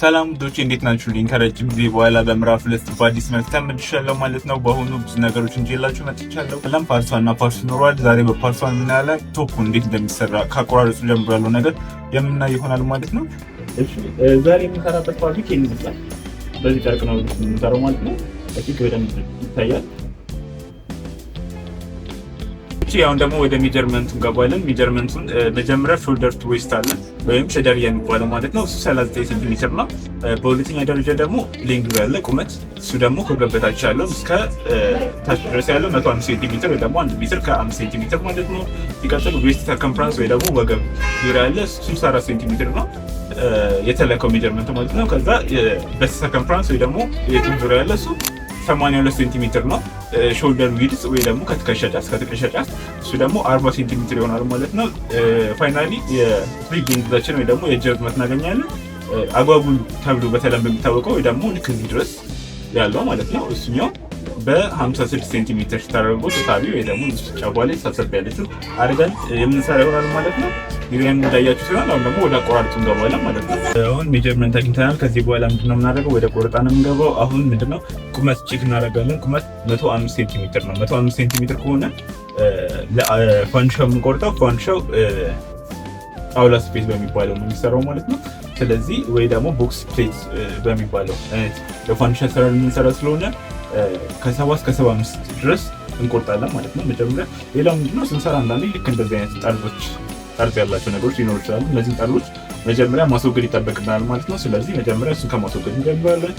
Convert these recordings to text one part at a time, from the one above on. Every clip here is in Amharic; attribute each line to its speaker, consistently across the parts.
Speaker 1: ሰላም ውዶች እንዴት ናችሁ? ልኝ ከረጅም ጊዜ በኋላ በምዕራፍ ሁለት በአዲስ መልክ ተመልሻለሁ ማለት ነው። በአሁኑ ብዙ ነገሮች እንጀላችሁ መጥቻለሁ። ሰላም ፓርሷና ፓርሱ ኖሯል። ዛሬ በፓርት ዋን ቶፑ እንዴት እንደሚሰራ ከአቆራረጹ ጀምሮ ያለው ነገር የምናየው ይሆናል ማለት ነው።
Speaker 2: ዛሬ የምንሰራበት ፋብሪክ ይህን ይመስላል። በዚህ ጨርቅ ነው የምንሰራው ማለት ነው። በደንብ ይታያል
Speaker 1: ያሁን ደግሞ ወደ ሜጀርመንቱ እንገባለን። ሜጀርመንቱን መጀመሪያ ሾልደር ቱ ዌስት አለ ወይም ሸደር የሚባለው ማለት ነው። እሱ 39 ሴንቲሜትር ነው። በሁለተኛ ደረጃ ደግሞ ሌንግዝ ያለ ቁመት፣ እሱ ደግሞ ከገበታች ያለው እስከ ታች ድረስ ያለው 15 ሴንቲሜትር ወይ ደግሞ 1 ሜትር ከ5 ሴንቲሜትር ማለት ነው። ሲቀጥል ዌስት ተከምፍራንስ ወይ ደግሞ ወገብ ዙሪያ ያለ 64 ሴንቲሜትር ነው የተለከው ሜጀርመንት ማለት ነው። ከዛ በስተ ሰርከምፍራንስ ወይ ደግሞ የቱን ዙሪያ ያለ እሱ 82 ሴንቲሜትር ነው። ሾልደር ዊድስ ወይ ደግሞ ከትከሻ ጫፍ ከትከሻ ጫፍ እሱ ደግሞ አርባ ሴንቲሜትር ይሆናል ማለት ነው። ፋይናሊ የትሪግ ግዛችን ወይ ደግሞ የእጅረት እናገኛለን። አጓጉል ተብሎ በተለምዶ የሚታወቀው ወይ ደግሞ ልክ እዚህ ድረስ ያለው ማለት ነው። እሱኛው በ56 ሴንቲሜትር ተደርጎ ተሳቢ ወይ ደግሞ ጫፏ ላይ ሰብሰብ ያለችው አድርገን የምንሰራ ይሆናል ማለት ነው። ጊዜን እንዳያችሁ ሲሆን አሁን ደግሞ ወደ አቆራረጡ እንገባለን ማለት ነው። አሁን ሜጀርመንት አግኝተናል። ከዚህ በኋላ ምንድነው የምናደርገው? ወደ ቆረጣ ነው የምንገባው። አሁን ምንድነው ቁመት ቼክ እናደርጋለን። ቁመት 105 ሴንቲሜትር ነው። 105 ሴንቲሜትር ከሆነ ፋንዲሻው የምንቆርጠው ፋንዲሻው ጣውላ ስፔስ በሚባለው ነው የሚሰራው ማለት ነው። ስለዚህ ወይ ደግሞ ቦክስ ፕሌት በሚባለው ለፋንዲሻ ሰራ የምንሰራ ስለሆነ ከሰባ እስከ ሰባ አምስት ድረስ እንቆርጣለን ማለት ነው። መጀመሪያ ሌላው ምንድነው ስንሰራ አንዳንዴ ልክ እንደዚህ አይነት ጠርዞች ጠርዝ ያላቸው ነገሮች ሊኖሩ ይችላሉ። እነዚህን ጠርዞች መጀመሪያ ማስወገድ ይጠበቅብናል ማለት ነው። ስለዚህ መጀመሪያ እሱን ከማስወገድ እንጀምራለን።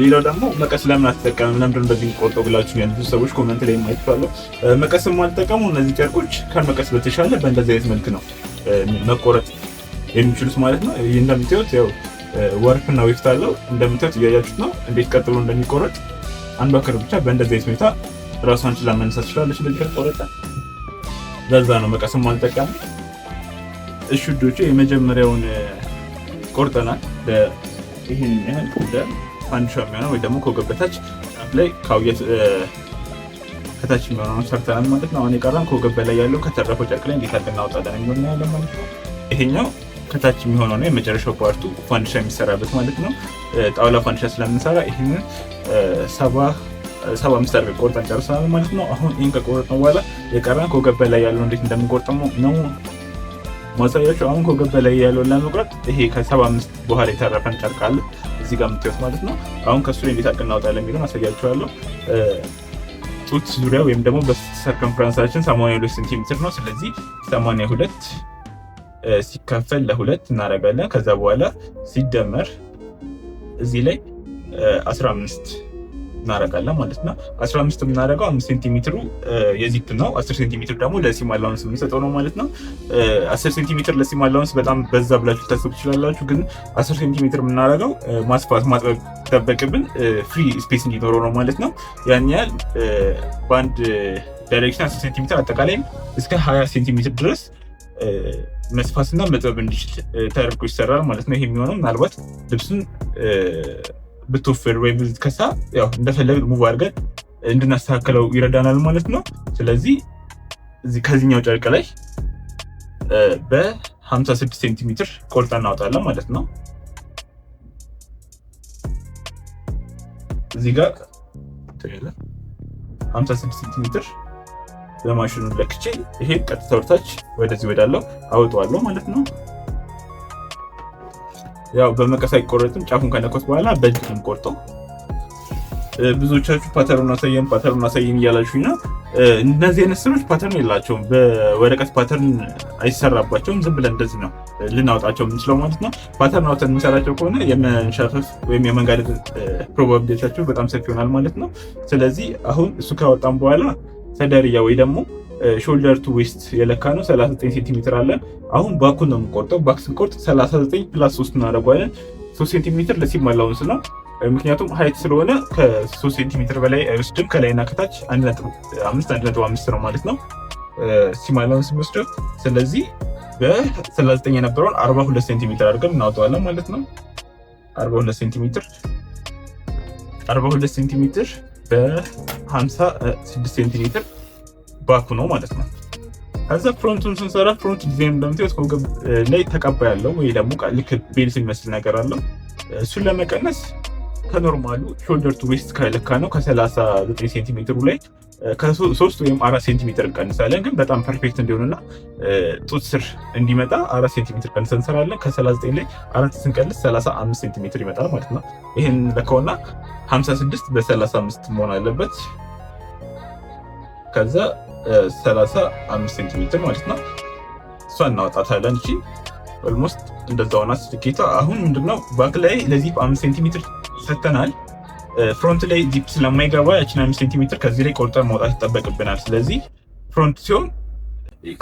Speaker 1: ሌላው ደግሞ መቀስ ለምን አትጠቀምም? ለምንድን በዚህ ቆርጠው ብላችሁ ያነሱ ሰዎች ኮመንት ላይ ማይትፋለሁ። መቀስም ማልጠቀሙ እነዚህ ጨርቆች ከመቀስ በተሻለ በእንደዚህ አይነት መልክ ነው መቆረጥ የሚችሉት ማለት ነው። ይህ እንደምታዩት ያው ወርፍ እና ዊፍት አለው እንደምታዩት እያያችሁት ነው እንዴት ቀጥሎ እንደሚቆረጥ አንዷ ክር ብቻ በእንደዚህ አይነት ሁኔታ ራሷን ችላ መነሳት ትችላለች እንደዚህ ከተቆረጠ ለዛ ነው መቀስም አልጠቀም። እሺ ውዶቹ የመጀመሪያውን ቆርጠናል። ይህን ያህል እንደ ፋንዲሻ የሚሆነው ወይ ደግሞ ከወገብ በታች ላይ ካውየት ከታች የሚሆነውን ሰርተናል ማለት ነው። አሁን የቀረን ከወገብ በላይ ያለው ከተረፈው ጨርቅ ላይ እንዴት አድርገን እናወጣለን የሚሆን ያለ ማለት ነው። ይሄኛው ከታች የሚሆነው ነው የመጨረሻው ፓርቱ ፋንዲሻ የሚሰራበት ማለት ነው። ጣውላ ፋንዲሻ ስለምንሰራ ይህንን ሰባ ሰባ አምስት አድርገን ቆርጠን ጨርሰናል ማለት ነው። አሁን ይህን ከቆረጥነው በኋላ የቀረን ከወገብ በላይ ያለው እንዴት እንደምንቆርጠው ነው ማሳያቸው። አሁን ከወገብ በላይ ያለውን ለመቁረጥ ይሄ ከሰባ አምስት በኋላ የተረፈን ጨርቅ አለ እዚህ ጋር የምታዩት ማለት ነው። አሁን ከሱ ላይ እንዴት አድርገን እናወጣለን የሚለውን አሳያቸዋለሁ። ጡት ዙሪያ ወይም ደግሞ በሰርከምፍራንሳችን 82 ሴንቲሜትር ነው። ስለዚህ 82 ሲካፈል ለሁለት እናደርጋለን። ከዛ በኋላ ሲደመር እዚህ ላይ 15 እናደርጋለን ማለት ነው። አስራ አምስት የምናደርገው አምስት ሴንቲሜትሩ የዚፕ ነው። 10 ሴንቲሜትር ደግሞ ለሲም አላውንስ የምንሰጠው ነው ማለት ነው። 10 ሴንቲሜትር ለሲም አላውንስ በጣም በዛ ብላችሁ ልታስቡ ትችላላችሁ። ግን 10 ሴንቲሜትር የምናደርገው ማስፋት ማጥበብ ጠበቅብን ፍሪ ስፔስ እንዲኖረው ነው ማለት ነው። ያን ያህል በአንድ ዳይሬክሽን 10 ሴንቲሜትር አጠቃላይ እስከ 20 ሴንቲሜትር ድረስ መስፋትና መጥበብ እንዲችል ተደርጎ ይሰራል ማለት ነው። ይሄ የሚሆነው ምናልባት ልብሱን ብትወፍር ወይም ብትከሳ ያው ሙ ሙቭ አድርገን እንድናስተካከለው ይረዳናል ማለት ነው። ስለዚህ ከዚህኛው ጨርቅ ላይ በ56 ሴንቲሜትር ቆርጣ እናወጣለን ማለት ነው። እዚህ ጋር 56 ሴንቲሜትር ለማሽኑ ለክቼ ይሄ ቀጥታ ወርታች ወደዚህ ወዳለው አወጣዋለሁ ማለት ነው። ያው በመቀስ አይቆረጥም። ጫፉን ከነኮት በኋላ በእጅ ነው ቆርጠው። ብዙዎቻችሁ ፓተርኑን አሳየን ፓተርን አሳየን እያላችሁኝ ነው። እነዚህ አይነት ስሮች ፓተርን የላቸውም፣ በወረቀት ፓተርን አይሰራባቸውም። ዝም ብለን እንደዚህ ነው ልናወጣቸው የምንችለው ማለት ነው። ፓተርን አውጥተን የምንሰራቸው ከሆነ የመንሻፈፍ ወይም የመንጋደድ ፕሮባቢሊቲያቸው በጣም ሰፊ ይሆናል ማለት ነው። ስለዚህ አሁን እሱ ካወጣም በኋላ ሰደርያ ወይ ደግሞ ሾልደር ቱ ዌስት የለካ ነው 39 ሴንቲሜትር አለ። አሁን ባኩን ነው የምቆርጠው። ባክ ስንቆርጥ 39 ፕላስ 3 እናደርገዋለን። 3 ሴንቲሜትር ለሲም አላውንስ ነው ምክንያቱም ሀይት ስለሆነ ከ3 ሴንቲሜትር በላይ አይወስድም። ከላይና ከታች 1.5 1.5 ነው ማለት ነው ሲም አላውንስ የሚወስደው። ስለዚህ በ39 የነበረውን 42 ሴንቲሜትር አድርገን እናወጣዋለን ማለት ነው 42 ሴንቲሜትር 42 ሴንቲሜትር በ56 ሴንቲሜትር ባኩ ነው ማለት ነው። ከዛ ፍሮንቱን ስንሰራ ፍሮንት ዲዛይን እንደምታዩት ከወገብ ላይ ተቀባ ያለው ወይ ደግሞ ልክ ቤልት የሚመስል ነገር አለው። እሱን ለመቀነስ ከኖርማሉ ሾልደር ቱ ዌስት ከልካ ነው ከ39 ሴንቲሜትሩ ላይ ከሶስት ወይም አራት ሴንቲሜትር እንቀንሳለን። ግን በጣም ፐርፌክት እንዲሆንና ጡት ስር እንዲመጣ አራት ሴንቲሜትር ቀንሰ እንሰራለን። ከ39 ላይ አራት ስንቀንስ 35 ሴንቲሜትር ይመጣል ማለት ነው። ይህን ለካውና 56 በ35 መሆን አለበት። ከዛ 35 ሴንቲሜትር ማለት ነው። እሷን እናወጣታለን። እቺ ኦልሞስት እንደዛ ሆና ስኬቷ አሁን ምንድነው ባክ ላይ ለዚፕ አምስት ሴንቲሜትር ሰተናል። ፍሮንት ላይ ዚፕ ስለማይገባ ያችን አምስት ሴንቲሜትር ከዚህ ላይ ቆርጠን ማውጣት ይጠበቅብናል። ስለዚህ ፍሮንት ሲሆን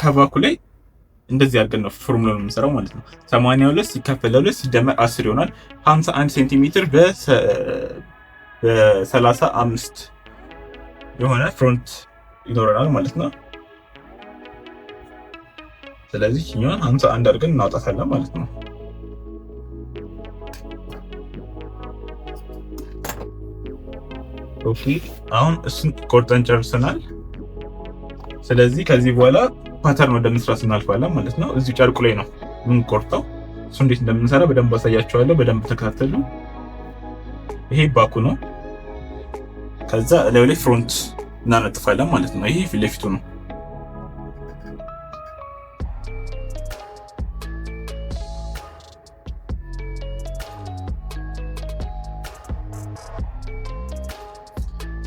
Speaker 1: ከባኩ ላይ እንደዚህ አድርገን ነው ፎርሙላ ነው የምንሰራው ማለት ነው። 82 ሲከፈል ለ ሲደመር አስር ይሆናል 51 ሴንቲሜትር በ35 የሆነ ፍሮንት ይኖረናል ማለት ነው። ስለዚህ እኛን አንተ አንድ አድርገን እናውጣታለን ማለት ነው። ኦኬ አሁን እሱን ቆርጠን ጨርሰናል። ስለዚህ ከዚህ በኋላ ፓተርን ወደ መስራት እናልፋለን ማለት ነው። እዚህ ጨርቁ ላይ ነው የምንቆርጠው። እሱ እንዴት እንደምንሰራ በደንብ አሳያቸዋለሁ። በደንብ ተከታተሉ። ይሄ ባኩ ነው። ከዛ እላዩ ላይ ፍሮንት እናነጥፋለን ማለት ነው። ይሄ ፊት ለፊቱ ነው።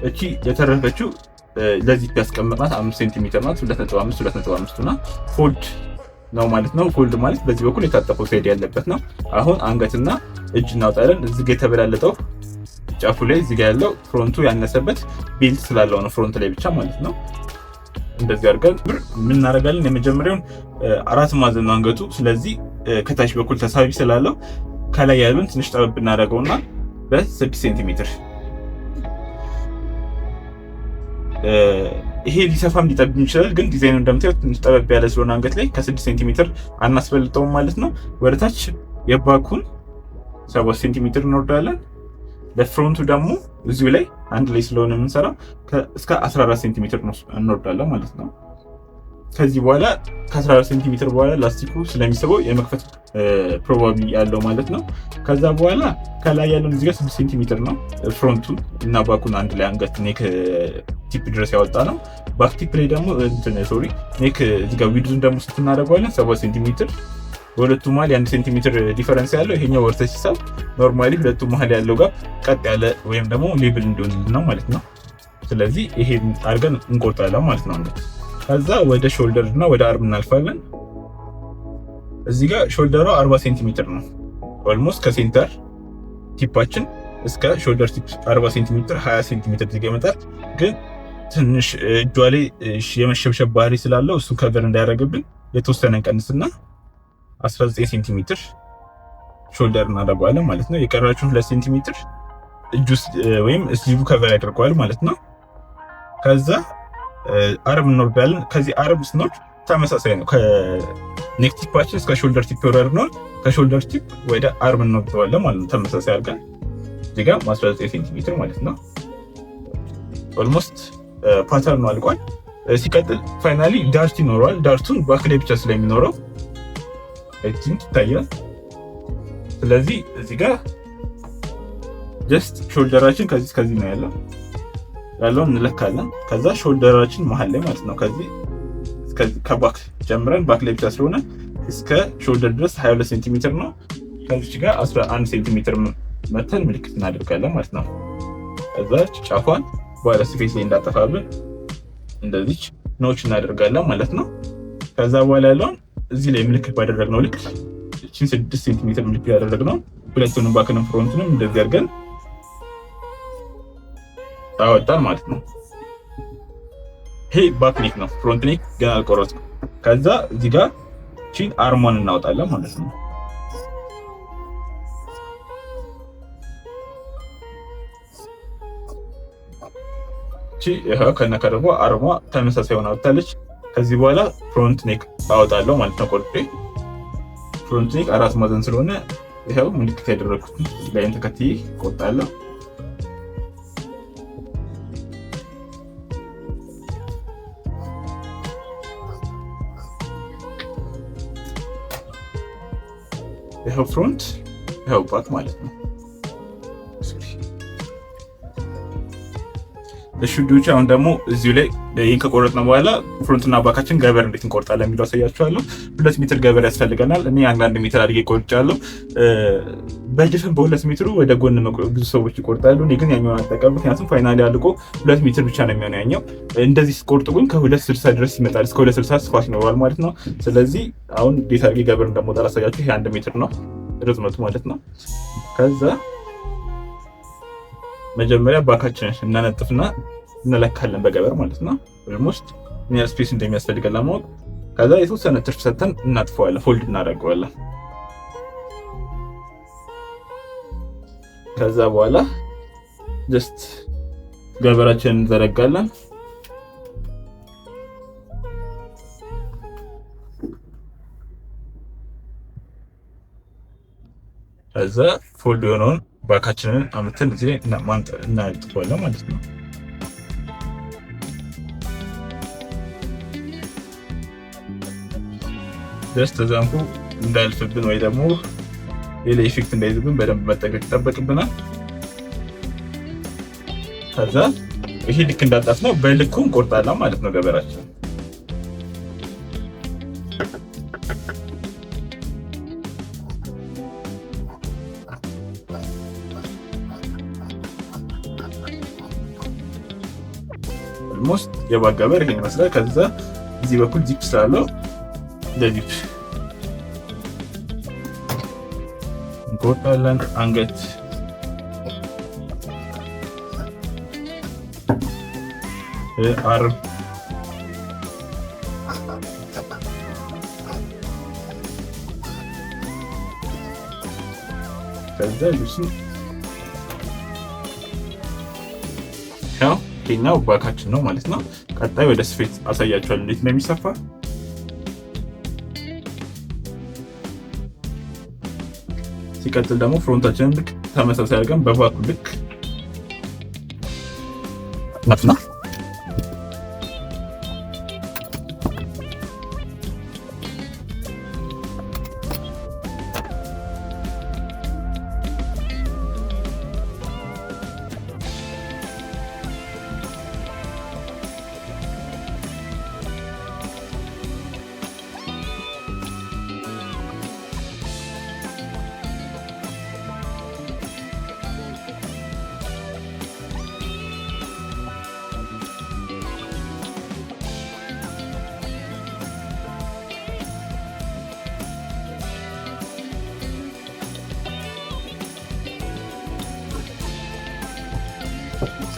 Speaker 1: እቺ የተረፈችው ለዚህ ያስቀመጥናት አምስት ሴንቲሜትር ናት። ሁለት ነጥብ አምስት ሁለት ነጥብ አምስቱ እና ፎልድ ነው ማለት ነው። ፎልድ ማለት በዚህ በኩል የታጠፈው ሳይድ ያለበት ነው። አሁን አንገትና እጅ እናውጣለን። እዚህ ጋ የተበላለጠው ጫፉ ላይ እዚጋ ያለው ፍሮንቱ ያነሰበት ቢልድ ስላለው ነው። ፍሮንት ላይ ብቻ ማለት ነው። እንደዚህ አድርገን ብር የምናደርጋለን። የመጀመሪያውን አራት ማዕዘን ነው አንገቱ። ስለዚህ ከታች በኩል ተሳቢ ስላለው ከላይ ያለውን ትንሽ ጠበብ እናደርገውና በ6 ሴንቲሜትር ይሄ ሊሰፋም ሊጠብም ይችላል። ግን ዲዛይኑ እንደምታዩት ትንሽ ጠበብ ያለ ስለሆነ አንገት ላይ ከ6 ሴንቲሜትር አናስፈልጠውም ማለት ነው። ወደታች የባኩን 7 ሴንቲሜትር እንወርዳለን። ለፍሮንቱ ደግሞ እዚሁ ላይ አንድ ላይ ስለሆነ የምንሰራው እስከ 14 ሴንቲሜትር እንወርዳለን ማለት ነው። ከዚህ በኋላ ከ14 ሴንቲሜትር በኋላ ላስቲኩ ስለሚስበው የመክፈት ፕሮባቢሊ ያለው ማለት ነው። ከዛ በኋላ ከላይ ያለውን እዚጋ 6 ሴንቲሜትር ነው። ፍሮንቱ እና ባኩን አንድ ላይ አንገት ኔክ ቲፕ ድረስ ያወጣ ነው። ባክ ቲፕ ላይ ደግሞ ሶሪ ኔክ እዚጋ ዊድዙን ደግሞ ስናደርገዋለን 7 ሴንቲሜትር በሁለቱ መሀል የአንድ ሴንቲሜትር ዲፈረንስ ያለው ይሄኛው ወርሰ ሲሳብ ኖርማሊ ሁለቱ መሀል ያለው ጋር ቀጥ ያለ ወይም ደግሞ ሌብል እንዲሆንልን ነው ማለት ነው። ስለዚህ ይሄን አድርገን እንቆርጣለን ማለት ነው። ከዛ ወደ ሾልደር እና ወደ አርም እናልፋለን። እዚህ ጋር ሾልደሯ 40 ሴንቲሜትር ነው። ኦልሞስት ከሴንተር ቲፓችን እስከ ሾልደር ቲፕ 40 ሴንቲሜትር 20 ሴንቲሜትር ዝጋ ይመጣል። ግን ትንሽ እጇ ላይ የመሸብሸብ ባህሪ ስላለው እሱን ከቨር እንዳያደርግብን የተወሰነ ቀንስና 19 ሴንቲሜትር ሾልደር እናደርገዋለን ማለት ነው። የቀራችሁን 2 ሴንቲሜትር እጁ ወይም ስሊቡ ከቨር ያደርገዋል ማለት ነው። ከዛ አርም እንወርዳለን። ከዚህ አርም ስኖር ተመሳሳይ ነው። ከኔክ ቲፓችን እስከ ሾልደር ቲፕ ነው። ከሾልደር ቲፕ ወደ አርም እንወርደዋለን ማለት ነው። ተመሳሳይ አድርገን እዚጋ 19 ሴንቲሜትር ማለት ነው። ኦልሞስት ፓተርኑ አልቋል። ሲቀጥል ፋይናሊ ዳርት ይኖረዋል። ዳርቱን ባክ ላይ ብቻ ስለሚኖረው እጅን ይታያል። ስለዚህ እዚህ ጋር ጀስት ሾልደራችን ከዚህ ከዚህ ነው ያለው ያለውን እንለካለን። ከዛ ሾልደራችን መሀል ላይ ማለት ነው ከዚህ ከባክ ጀምረን ባክ ላይ ብቻ ስለሆነ እስከ ሾልደር ድረስ 22 ሴንቲሜትር ነው። ከዚች ጋር 11 ሴንቲሜትር መተን ምልክት እናደርጋለን ማለት ነው። ከዛ ጫፏን በኋላ ስፔስ ላይ እንዳጠፋብን እንደዚች ኖች እናደርጋለን ማለት ነው። ከዛ በኋላ ያለውን እዚህ ላይ ምልክት ባደረግነው ልክ እችን ስድስት ሴንቲሜትር ምልክት ያደረግነው ሁለቱንም ባክንም ፍሮንትንም እንደዚህ አድርገን አወጣን ማለት ነው። ይሄ ባክኔክ ነው። ፍሮንትኔክ ኔክ ገና አልቆረጥኩም። ከዛ እዚህ ጋር ቺን አርሟን እናወጣለን ማለት ነው። ቺ ከነከረቧ አርሟ ተመሳሳይ ሆና ወጣለች። ከዚህ በኋላ ፍሮንት ኔክ አወጣለሁ ማለት ነው። ቆርጤ ፍሮንት ኔክ አራት ማዘን ስለሆነ ይኸው ምልክት ያደረግኩት ላይን ተከትዬ ቆጣለሁ። ይኸው ፍሮንት ይኸው ባክ ማለት ነው። እሺ አሁን ደግሞ እዚሁ ላይ ይህን ከቆረጥነው በኋላ ፍሮንትና ባካችን ገበር እንዴት እንቆርጣለን የሚለው አሳያችኋለሁ። ሁለት ሜትር ገበር ያስፈልገናል። እኔ አንዳንድ ሜትር አድርጌ ቆርጫለሁ። በጅፍን በሁለት ሜትሩ ወደ ጎን ብዙ ሰዎች ይቆርጣሉ። እኔ ግን ያኛውን አጠቀም፣ ምክንያቱም ፋይናል ያልቆ ሁለት ሜትር ብቻ ነው የሚሆነው ያኛው። እንደዚህ ስቆርጡ ግን ከሁለት ስልሳ ድረስ ይመጣል። እስከ ሁለት ስልሳ ስፋት ይኖረዋል ማለት ነው። ስለዚህ አሁን እንዴት አድርጌ ገበር እንደሞጣ ላሳያችሁ። ይሄ አንድ ሜትር ነው ርዝመቱ ማለት ነው። ከዛ መጀመሪያ ባካችን እናነጥፍና እንለካለን በገበር ማለት ነው። ኦልሞስት ምን ያህል ስፔስ እንደሚያስፈልገን ለማወቅ ከዛ የተወሰነ ትርፍ ሰጥተን እናጥፈዋለን፣ ፎልድ እናደርገዋለን። ከዛ በኋላ ጀስት ገበራችንን እንዘረጋለን። ከዛ ፎልድ የሆነውን ባካችንን አምትን እዚህ እናጥፈዋለን ማለት ነው። ደስ ተዛንኩ እንዳልፍብን ወይ ደግሞ ሌላ ኢፌክት እንዳይዝብን በደንብ መጠቀቅ ይጠበቅብናል። ከዛ ይሄ ልክ እንዳጣፍ ነው፣ በልኩ እንቆርጣለን ማለት ነው ገበራችን ኦልሞስት የባጋበር ይሄን ይመስላል። ከዛ እዚህ በኩል ዚፕ ስላለው ለዚፕ እንቆርጣለን። አንገት አርም ከዛ ልብሱ ኦኬና ባካችን ነው ማለት ነው። ቀጣይ ወደ ስፌት አሳያቸዋል እንዴት እንደሚሰፋ ሲቀጥል ደግሞ ፍሮንታችንን ልክ ተመሳሳይ አድርገን በባኩ ልክ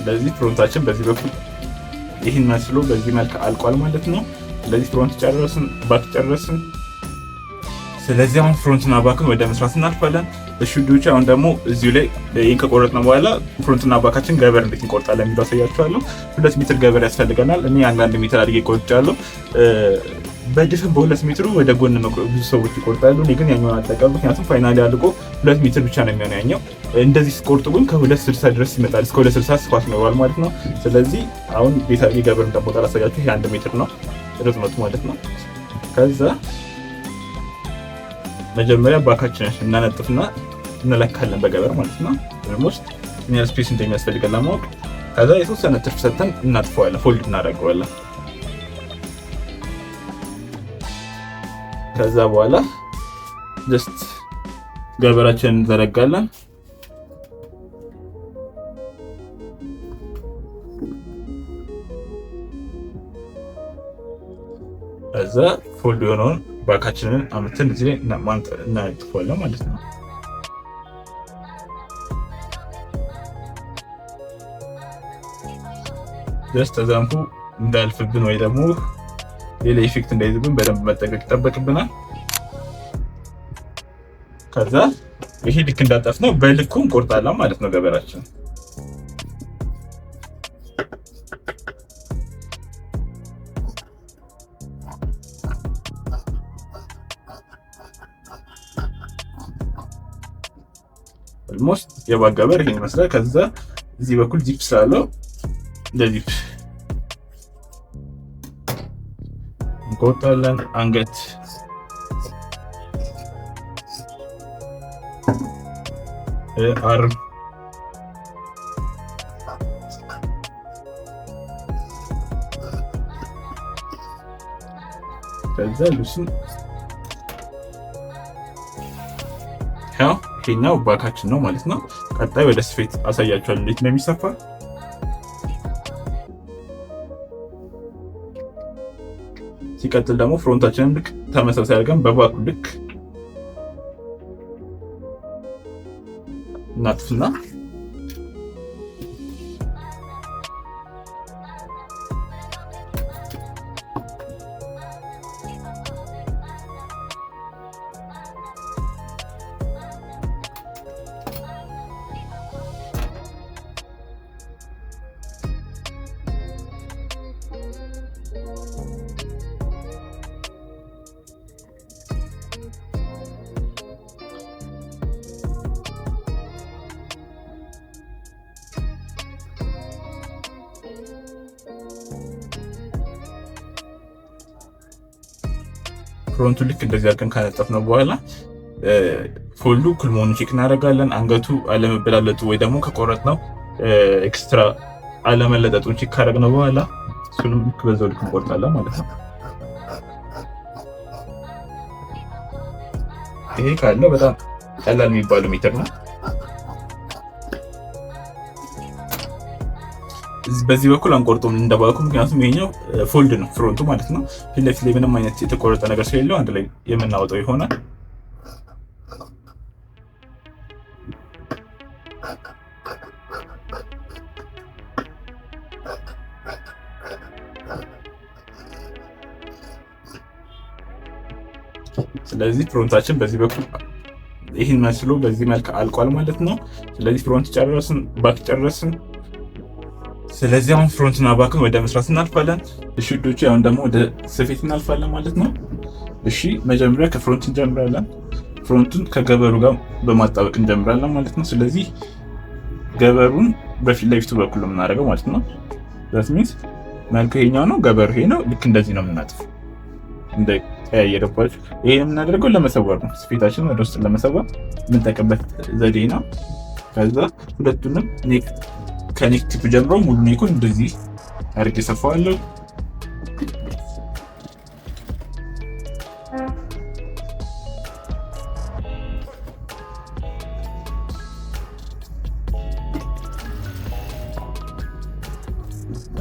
Speaker 1: ስለዚህ ፍሮንታችን በዚህ በኩል ይህን መስሎ በዚህ መልክ አልቋል ማለት ነው። ስለዚህ ፍሮንት ጨረስን፣ ባክ ጨረስን። ስለዚህ አሁን ፍሮንትና ባክን ወደ መስራት እናልፋለን። እሺ ዶች አሁን ደግሞ እዚሁ ላይ ይህን ነው በኋላ ፍሮንትና ባካችን ገበር እንዴት እንቆርጣለን የሚለው አሳያችኋለሁ። ሁለት ሜትር ገበር ያስፈልገናል። እኔ አንዳንድ ሜትር አድጌ ቆርጫለሁ። በድፍን በሁለት ሜትሩ ወደ ጎን ብዙ ሰዎች ይቆርጣሉ። እኔ ግን ያኛውን አልጠቀምም፣ ምክንያቱም ፋይናል አልቆ ሁለት ሜትር ብቻ ነው የሚሆነው ያኛው። እንደዚህ ስቆርጡ ግን ከሁለት ስልሳ ድረስ ይመጣል። እስከ ሁለት ስልሳ ስፋት ይኖረዋል ማለት ነው። ስለዚህ አሁን የገበር ደግሞ ላሳያችሁ። አንድ ሜትር ነው ርዝመቱ ማለት ነው። ከዛ መጀመሪያ ባካችን እናነጥፍና እንለካለን በገበር ማለት ነው። ኦልሞስት ምን ያህል ስፔስ እንደሚያስፈልገን ለማወቅ ከዛ የተወሰነ ትርፍ ሰጥተን እናጥፈዋለን፣ ፎልድ እናደርገዋለን። ከዛ በኋላ ጀስት ገበራችንን እንዘረጋለን። ከዛ ፎልድ የሆነውን ባካችንን አምትን እዚህ ላይ እናጥፈዋለን ማለት ነው። ጀስት ተዛምፉ እንዳልፍብን ወይ ደግሞ ሌላ ኢፌክት እንዳይዝብን በደንብ መጠቀቅ ይጠበቅብናል። ከዛ ይሄ ልክ እንዳጠፍ ነው በልኩ እንቆርጣለን ማለት ነው ገበራችን ኦልሞስት የባገበር ይሄን ይመስላል። ከዛ እዚህ በኩል ዚፕ ስላለው ለዚፕ ቆርጣለን አንገት አርም ከዛ ልብሱ ይሄኛው ባካችን ነው ማለት ነው። ቀጣይ ወደ ስፌት አሳያችኋል እንዴት እንደሚሰፋ። ሲቀጥል ደግሞ ፍሮንታችንን ልክ ተመሳሳይ አድርገን በባኩ ልክ እናጥፍና ፍሮንቱ ልክ እንደዚህ አድርገን ካነጠፍነው በኋላ ፎልዱ እኩል መሆኑ ቼክ እናደርጋለን። አንገቱ አለመበላለጡ ወይ ደግሞ ከቆረጥነው ኤክስትራ አለመለጠጡን ቼክ ካደረግነው በኋላ እሱንም ልክ በዛው ልክ እንቆርጣለን ማለት ነው። ይሄ ካለው በጣም ቀላል የሚባሉ ሜትር ነው። በዚህ በኩል አንቆርጦ እንደባልኩ፣ ምክንያቱም ይሄኛው ፎልድ ነው ፍሮንቱ ማለት ነው። ፊት ለፊት ላይ ምንም አይነት የተቆረጠ ነገር ስለሌለው አንድ ላይ የምናወጣው ይሆናል። ስለዚህ ፍሮንታችን በዚህ በኩል ይህን መስሎ በዚህ መልክ አልቋል ማለት ነው። ስለዚህ ፍሮንት ጨረስን፣ ባክ ጨረስን። ስለዚህ አሁን ፍሮንትና ባክን ወደ መስራት እናልፋለን። እሺ ውዶቹ፣ አሁን ደግሞ ወደ ስፌት እናልፋለን ማለት ነው። እሺ መጀመሪያ ከፍሮንት እንጀምራለን። ፍሮንቱን ከገበሩ ጋር በማጣበቅ እንጀምራለን ማለት ነው። ስለዚህ ገበሩን በፊት ለፊቱ በኩል ነው የምናደርገው ማለት ነው። ዛት ሚንስ መልኩ ይሄኛው ነው፣ ገበሩ ይሄ ነው። ልክ እንደዚህ ነው የምናጥፍ እንደቀያየረባችሁ። ይሄን የምናደርገው ለመሰወር ነው። ስፌታችን ወደ ውስጥ ለመሰወር የምንጠቀምበት ዘዴ ነው። ከዛ ሁለቱንም ኔክስት ከኔክ ቲፕ ጀምሮ ሙሉ ኔኩን እንደዚህ አድርጌ ሰፋዋለሁ።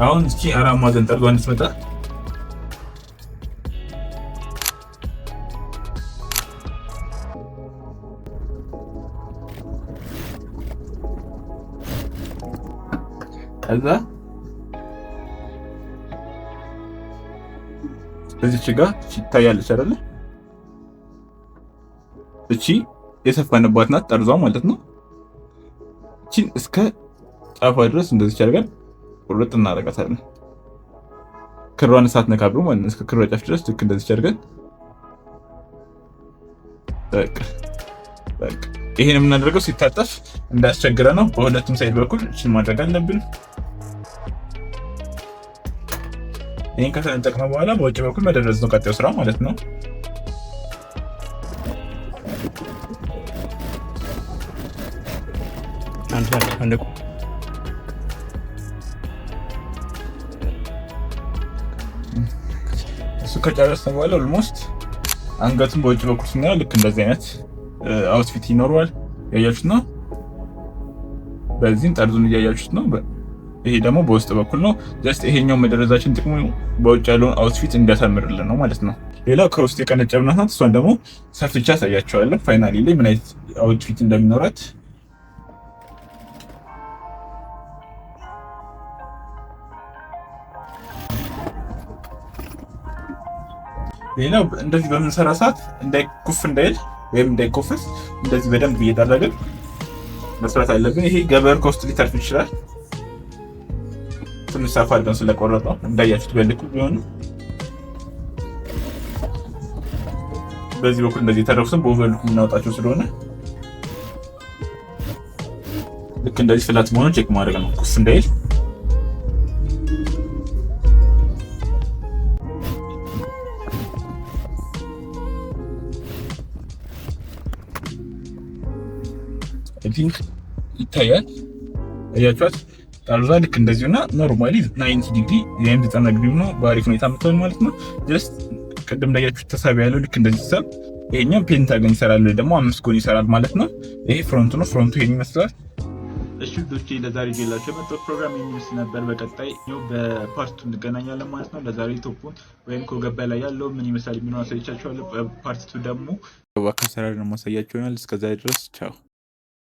Speaker 1: አሁን እስኪ አራት ማዕዘን ጠርጓ እንድትመጣ ከዛ እዚች ጋር ይታያለች አይደለ? እቺ የሰፈንባት ናት ጠርዟ ማለት ነው። እቺን እስከ ጫፏ ድረስ እንደዚች አድርገን ቁርጥ እናደርጋታለን። ክሯን እሳት ነካብሩ ማለት ነው። እስከ ክሯ ጫፍ ድረስ ልክ እንደዚህ አድርገን በቃ የምናደርገው ሲታጠፍ እንዳያስቸግረ ነው። በሁለቱም ሳይድ በኩል እችን ማድረግ አለብን። ይህን ከተነጠቅነው በኋላ በውጭ በኩል መደረዝ ነው ቀጣዩ ስራ ማለት ነው። እሱ ከጨረስን በኋላ ኦልሞስት አንገቱን በውጭ በኩል ስናየው ልክ እንደዚህ አይነት አውትፊት ይኖረዋል። እያያችሁት ነው። በዚህም ጠርዙን እያያችሁት ነው። ይሄ ደግሞ በውስጥ በኩል ነው። ጀስት ይሄኛው መደረዛችን ጥቅሙ በውጭ ያለውን አውትፊት እንዲያሳምርልን ነው ማለት ነው። ሌላ ከውስጥ የቀነጨብናት ናት። እሷን ደግሞ ሰፍቻ አሳያቸዋለን። ፋይናሊ ላይ ምን አይነት አውትፊት እንደሚኖራት ሌላው እንደዚህ በምንሰራ ሰዓት እንዳይኩፍ እንዳይል ወይም እንዳይኮፍስ እንደዚህ በደንብ እየጠረግን መስራት አለብን። ይሄ ገበር ከውስጥ ሊተርፍ ይችላል። ትንሽ ሰፋ አድርገን ስለቆረጠው እንዳያችሁ እንዳያችሁት በልኩ ቢሆንም በዚህ በኩል እንደዚህ የተረፉትን በኦቨርሉክ የምናወጣቸው ስለሆነ ልክ እንደዚህ ፍላት መሆኑን ቼክ ማድረግ ነው ኩፍ እንዳይል ይታያል እያችኋት ካልዛ ልክ እንደዚሁ እና ኖርማሊ ናይንቲ ዲግሪ ወይም ዘጠና ዲግሪ ነው በአሪፍ ሁኔታ የምትሆን ማለት ነው። ጀስት ቅድም እንዳያችሁ ተሳቢ ያለው ልክ እንደዚህ ሰብ ይሄኛው ፔንታገን ይሰራል፣ ደግሞ አምስት ጎን ይሰራል ማለት ነው። ይሄ ፍሮንቱ ነው። ፍሮንቱ ይሄን ይመስላል። እሺ ልጆቼ ለዛሬ ጌላቸው የመጣው ፕሮግራም የሚመስል ነበር። በቀጣይ ው በፓርቱ እንገናኛለን ማለት ነው። ለዛሬ ቶፑን ወይም ኮገባ ላይ ያለው ምን ይመስላል የሚሆን አሳይቻቸዋለሁ። ፓርቲቱ ደግሞ ወካ ሰራር ነው ማሳያቸው ይሆናል። እስከዛ ድረስ ቻው።